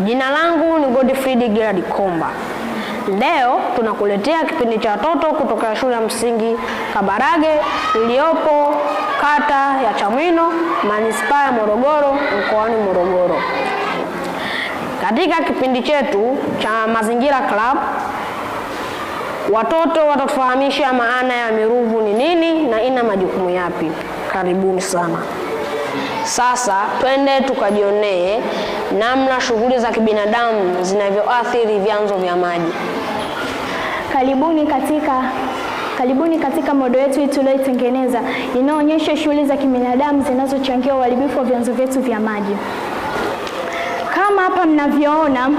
Jina langu ni Godfrey Gerard Komba. Leo tunakuletea kipindi cha watoto kutoka shule ya msingi Kabarage iliyopo kata ya Chamwino, manispaa ya Morogoro, mkoani Morogoro. Katika kipindi chetu cha Mazingira Club Watoto watakufahamisha maana ya miruvu ni nini na ina majukumu yapi. Karibuni sana. Sasa twende tukajionee namna shughuli za kibinadamu zinavyoathiri vyanzo vya maji. Karibuni katika karibuni katika modo yetu hii tulioitengeneza inayoonyesha shughuli za kibinadamu zinazochangia uharibifu wa vyanzo vyetu vya maji. Kama hapa mnavyoona,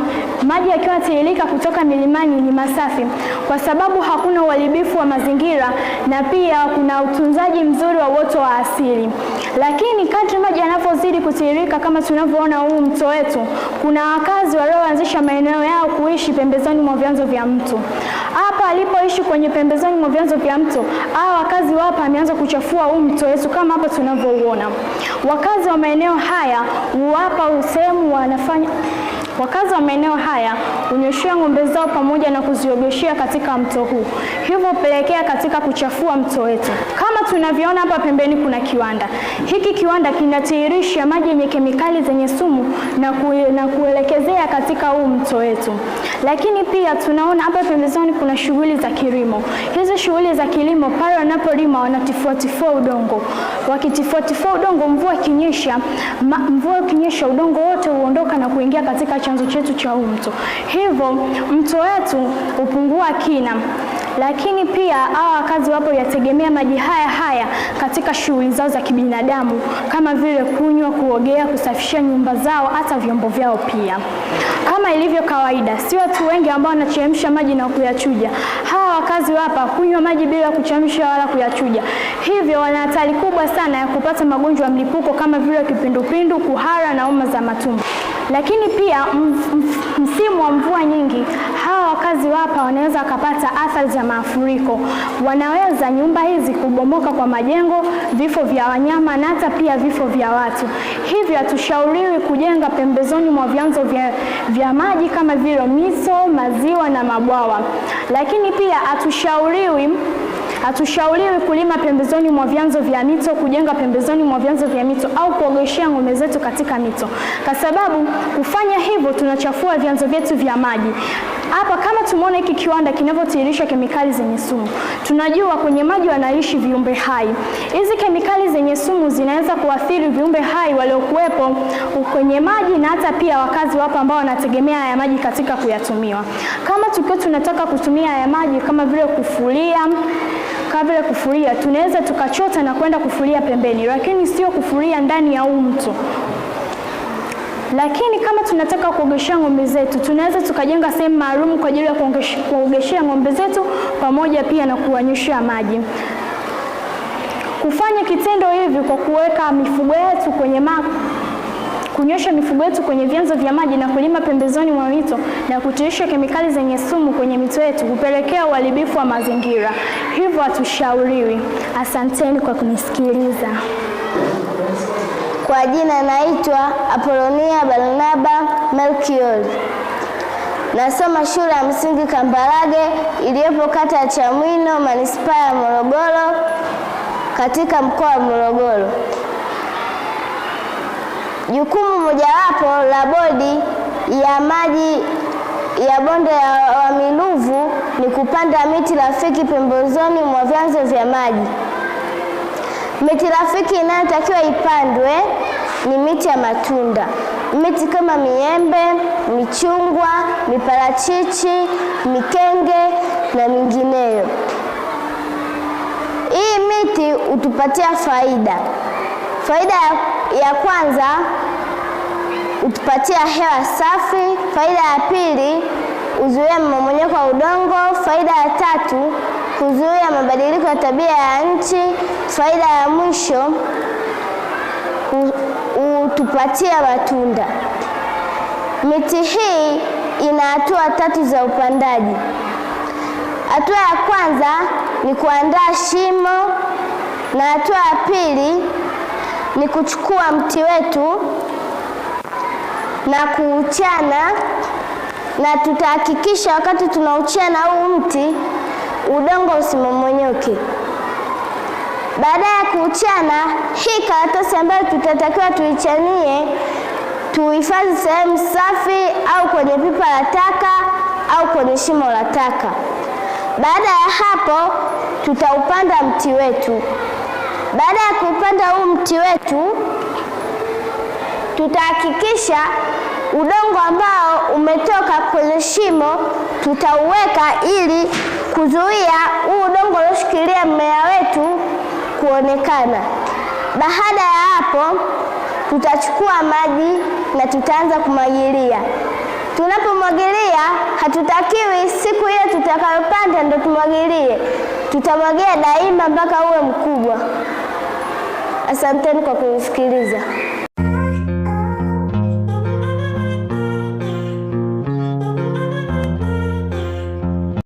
maji yakiwa tiririka kutoka milimani ni masafi, kwa sababu hakuna uharibifu wa mazingira na pia kuna utunzaji mzuri wa uoto wa asili. Lakini kadri maji yanavyozidi kutiririka, kama tunavyoona huu mto wetu, kuna wakazi walioanzisha maeneo yao kuishi pembezoni mwa vyanzo vya mto. Hapa alipoishi kwenye pembezoni mwa vyanzo vya mto, hawa wakazi wapa ameanza kuchafua huu mto wetu kama hapa tunavyouona. Wakazi wa maeneo haya huwapa usehemu wanafanya Wakazi wa maeneo haya hunyweshea ng'ombe zao pamoja na kuziogeshea katika mto huu, hivyo hupelekea katika kuchafua mto wetu. Kama tunavyoona hapa pembeni, kuna kiwanda. Hiki kiwanda kinatiririsha maji yenye kemikali zenye sumu na, kue, na kuelekezea katika huu mto wetu. Lakini pia tunaona hapa pembezoni kuna shughuli za kilimo. Hizi shughuli za kilimo, pale wanapolima wanatifuatifua udongo, wakitifuatifua udongo, mvua ikinyesha, mvua ikinyesha, udongo wote huondoka na kuingia katika chanzo chetu cha huu mto, hivyo mto wetu hupungua kina lakini pia hawa wakazi wapo yategemea maji haya haya katika shughuli zao za kibinadamu kama vile kunywa, kuogea, kusafisha nyumba zao, hata vyombo vyao pia. Kama ilivyo kawaida, si watu wengi ambao wanachemsha maji na kuyachuja. Hawa wakazi wapa kunywa maji bila kuchemsha wala kuyachuja, hivyo wana hatari kubwa sana ya kupata magonjwa ya mlipuko kama vile kipindupindu, kuhara na homa za matumbo. Lakini pia msimu wa mvua nyingi, hawa wakazi wapa wanaweza wakapata athari za mafuriko. Wanaweza nyumba hizi kubomoka kwa majengo, vifo vya wanyama na hata pia vifo vya watu. Hivyo hatushauriwi kujenga pembezoni mwa vyanzo vya, vya maji kama vile mito, maziwa na mabwawa. Lakini pia hatushauriwi Hatushauriwi kulima pembezoni mwa vyanzo vya mito, kujenga pembezoni mwa vyanzo vya mito au kuogeshea ng'ombe zetu katika mito, kwa sababu kufanya hivyo tunachafua vyanzo vyetu vya maji. Hapa kama tumeona hiki kiwanda kinavyotiririsha kemikali zenye sumu, tunajua kwenye maji wanaishi viumbe hai. Hizi kemikali zenye sumu zinaweza kuathiri viumbe hai waliokuwepo kwenye maji na hata pia wakazi wapo ambao wanategemea haya maji katika kuyatumiwa. Kama tukiwa tunataka kutumia haya maji kama vile kufulia kabla ya kufuria tunaweza tukachota na kwenda kufuria pembeni, lakini sio kufuria ndani ya huu mto. Lakini kama tunataka kuogeshea ng'ombe zetu, tunaweza tukajenga sehemu maalum kwa ajili ya kuogeshea ng'ombe zetu pamoja pia na kuwanyweshea maji. Kufanya kitendo hivi kwa kuweka mifugo yetu kwenye ma kunyosha mifugo yetu kwenye vyanzo vya maji na kulima pembezoni mwa mito na kutirisha kemikali zenye sumu kwenye mito yetu hupelekea uharibifu wa mazingira, hivyo hatushauriwi. Asanteni kwa kunisikiliza. Kwa jina naitwa Apolonia Barnaba Melkiori, nasoma shule ya msingi Kambarage iliyopo kata ya Chamwino manispaa ya Morogoro katika mkoa wa Morogoro. Jukumu mojawapo la bodi ya maji ya bonde ya Wamiluvu ni kupanda miti rafiki pembezoni mwa vyanzo vya maji. Miti rafiki inayotakiwa ipandwe ni miti ya matunda, miti kama miembe, michungwa, miparachichi, mikenge na mingineyo. Hii miti hutupatia faida. Faida ya ya kwanza hutupatia hewa safi. Faida ya pili huzuia mmomonyoko wa udongo. Faida ya tatu huzuia mabadiliko ya tabia ya nchi. Faida ya mwisho hutupatia matunda. Miti hii ina hatua tatu za upandaji. Hatua ya kwanza ni kuandaa shimo, na hatua ya pili ni kuchukua mti wetu na kuuchana, na tutahakikisha wakati tunauchana huu mti udongo usimomonyoke. Baada ya kuuchana, hii karatasi ambayo tutatakiwa tuichanie tuhifadhi sehemu safi, au kwenye pipa la taka au kwenye shimo la taka. Baada ya hapo, tutaupanda mti wetu. Baada ya kupanda huu mti wetu, tutahakikisha udongo ambao umetoka kwenye shimo tutauweka ili kuzuia huu udongo ulioshikilia mmea wetu kuonekana. Baada ya hapo, tutachukua maji na tutaanza kumwagilia. Tunapomwagilia, hatutakiwi siku hiyo tutakayopanda ndo tumwagilie, tutamwagia daima mpaka uwe mkubwa. Asanteni kwa kunisikiliza.